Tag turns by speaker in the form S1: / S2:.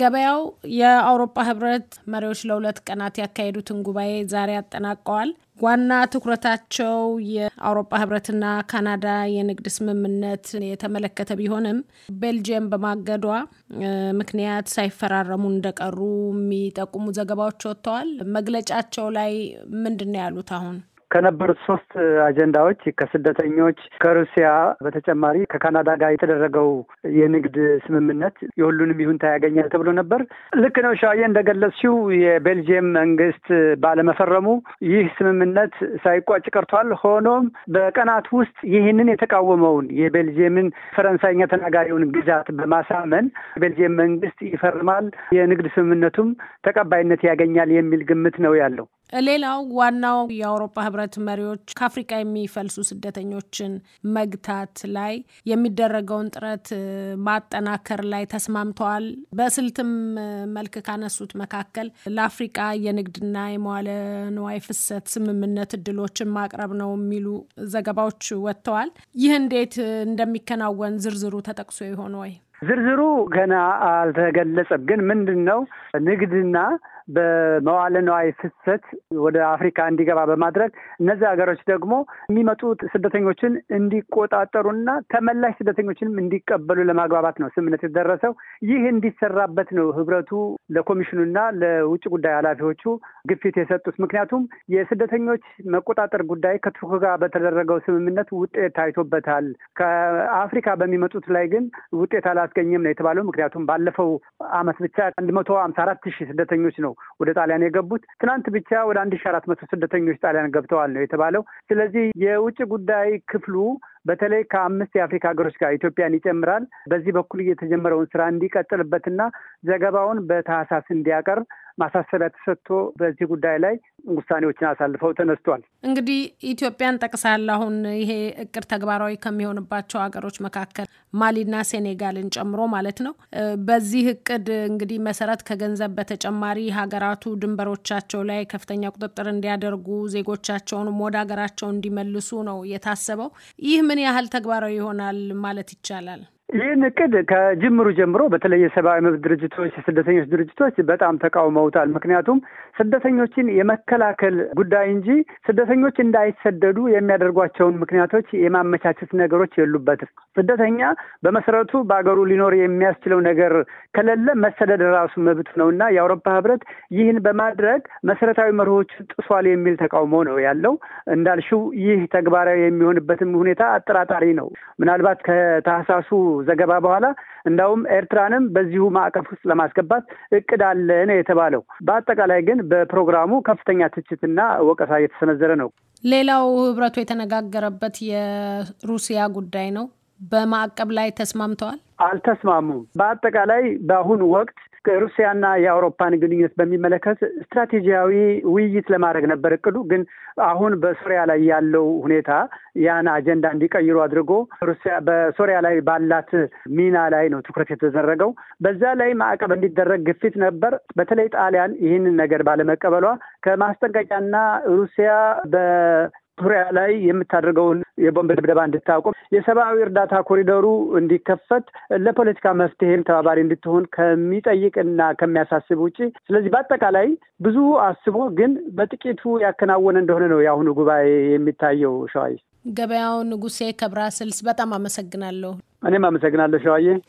S1: ገበያው የአውሮፓ ህብረት መሪዎች ለሁለት ቀናት ያካሄዱትን ጉባኤ ዛሬ አጠናቀዋል። ዋና ትኩረታቸው የአውሮፓ ህብረትና ካናዳ የንግድ ስምምነት የተመለከተ ቢሆንም ቤልጅየም በማገዷ ምክንያት ሳይፈራረሙ እንደቀሩ የሚጠቁሙ ዘገባዎች ወጥተዋል። መግለጫቸው ላይ ምንድን ነው ያሉት አሁን?
S2: ከነበሩት ሶስት አጀንዳዎች ከስደተኞች፣ ከሩሲያ በተጨማሪ ከካናዳ ጋር የተደረገው የንግድ ስምምነት የሁሉንም ይሁንታ ያገኛል ተብሎ ነበር። ልክ ነው ሻዬ እንደገለጽሽው የቤልጅየም መንግስት ባለመፈረሙ ይህ ስምምነት ሳይቋጭ ቀርቷል። ሆኖም በቀናት ውስጥ ይህንን የተቃወመውን የቤልጅየምን ፈረንሳይኛ ተናጋሪውን ግዛት በማሳመን የቤልጅየም መንግስት ይፈርማል፣ የንግድ ስምምነቱም ተቀባይነት ያገኛል የሚል ግምት ነው ያለው።
S1: ሌላው ዋናው የአውሮፓ ህብረት መሪዎች ከአፍሪቃ የሚፈልሱ ስደተኞችን መግታት ላይ የሚደረገውን ጥረት ማጠናከር ላይ ተስማምተዋል። በስልትም መልክ ካነሱት መካከል ለአፍሪቃ የንግድና የመዋለ ንዋይ ፍሰት ስምምነት እድሎችን ማቅረብ ነው የሚሉ ዘገባዎች ወጥተዋል። ይህ እንዴት እንደሚከናወን ዝርዝሩ ተጠቅሶ ይሆን ወይ?
S2: ዝርዝሩ ገና አልተገለጸም። ግን ምንድን ነው ንግድና በመዋለ ነዋይ ፍሰት ወደ አፍሪካ እንዲገባ በማድረግ እነዚህ ሀገሮች ደግሞ የሚመጡ ስደተኞችን እንዲቆጣጠሩና ተመላሽ ስደተኞችንም እንዲቀበሉ ለማግባባት ነው ስምምነት የተደረሰው። ይህ እንዲሰራበት ነው ህብረቱ ለኮሚሽኑና ለውጭ ጉዳይ ኃላፊዎቹ ግፊት የሰጡት። ምክንያቱም የስደተኞች መቆጣጠር ጉዳይ ከቱርክ ጋር በተደረገው ስምምነት ውጤት ታይቶበታል። ከአፍሪካ በሚመጡት ላይ ግን ውጤት አላስገኘም ነው የተባለው። ምክንያቱም ባለፈው አመት ብቻ አንድ መቶ ሀምሳ አራት ሺህ ስደተኞች ነው ወደ ጣሊያን የገቡት። ትናንት ብቻ ወደ አንድ ሺ አራት መቶ ስደተኞች ጣሊያን ገብተዋል ነው የተባለው። ስለዚህ የውጭ ጉዳይ ክፍሉ በተለይ ከአምስት የአፍሪካ ሀገሮች ጋር ኢትዮጵያን ይጨምራል። በዚህ በኩል እየተጀመረውን ስራ እንዲቀጥልበትና ዘገባውን በታህሳስ እንዲያቀርብ ማሳሰቢያ ተሰጥቶ በዚህ ጉዳይ ላይ ውሳኔዎችን አሳልፈው ተነስቷል።
S1: እንግዲህ ኢትዮጵያን ጠቅሳል። አሁን ይሄ እቅድ ተግባራዊ ከሚሆንባቸው ሀገሮች መካከል ማሊና ሴኔጋልን ጨምሮ ማለት ነው። በዚህ እቅድ እንግዲህ መሰረት ከገንዘብ በተጨማሪ ሀገራቱ ድንበሮቻቸው ላይ ከፍተኛ ቁጥጥር እንዲያደርጉ ዜጎቻቸውን ወደ ሀገራቸው እንዲመልሱ ነው የታሰበው ይህ ምን ያህል ተግባራዊ ይሆናል ማለት ይቻላል?
S2: ይህን እቅድ ከጅምሩ ጀምሮ በተለይ የሰብአዊ መብት ድርጅቶች፣ የስደተኞች ድርጅቶች በጣም ተቃውመውታል። ምክንያቱም ስደተኞችን የመከላከል ጉዳይ እንጂ ስደተኞች እንዳይሰደዱ የሚያደርጓቸውን ምክንያቶች የማመቻቸት ነገሮች የሉበትም። ስደተኛ በመሰረቱ በአገሩ ሊኖር የሚያስችለው ነገር ከሌለ መሰደድ ራሱ መብት ነው እና የአውሮፓ ህብረት ይህን በማድረግ መሰረታዊ መርሆችን ጥሷል የሚል ተቃውሞ ነው ያለው። እንዳልሽው ይህ ተግባራዊ የሚሆንበትም ሁኔታ አጠራጣሪ ነው። ምናልባት ከታህሳሱ ዘገባ በኋላ እንዳውም ኤርትራንም በዚሁ ማዕቀፍ ውስጥ ለማስገባት እቅድ አለ ነው የተባለው። በአጠቃላይ ግን በፕሮግራሙ ከፍተኛ ትችትና ወቀሳ እየተሰነዘረ ነው።
S1: ሌላው ህብረቱ የተነጋገረበት የሩሲያ ጉዳይ ነው። በማዕቀብ ላይ ተስማምተዋል?
S2: አልተስማሙም። በአጠቃላይ በአሁኑ ወቅት ሩሲያና የአውሮፓን ግንኙነት በሚመለከት ስትራቴጂያዊ ውይይት ለማድረግ ነበር እቅዱ። ግን አሁን በሶሪያ ላይ ያለው ሁኔታ ያን አጀንዳ እንዲቀይሩ አድርጎ ሩሲያ በሶሪያ ላይ ባላት ሚና ላይ ነው ትኩረት የተደረገው። በዛ ላይ ማዕቀብ እንዲደረግ ግፊት ነበር። በተለይ ጣሊያን ይህንን ነገር ባለመቀበሏ ከማስጠንቀቂያና ሩሲያ በ ዙሪያ ላይ የምታደርገውን የቦምብ ድብደባ እንድታቆም፣ የሰብአዊ እርዳታ ኮሪደሩ እንዲከፈት፣ ለፖለቲካ መፍትሄም ተባባሪ እንድትሆን ከሚጠይቅና ከሚያሳስብ ውጭ ስለዚህ በአጠቃላይ ብዙ አስቦ ግን በጥቂቱ ያከናወነ እንደሆነ ነው የአሁኑ ጉባኤ የሚታየው። ሸዋዬ
S1: ገበያው ንጉሴ ከብራስልስ በጣም አመሰግናለሁ።
S2: እኔም አመሰግናለሁ ሸዋዬ።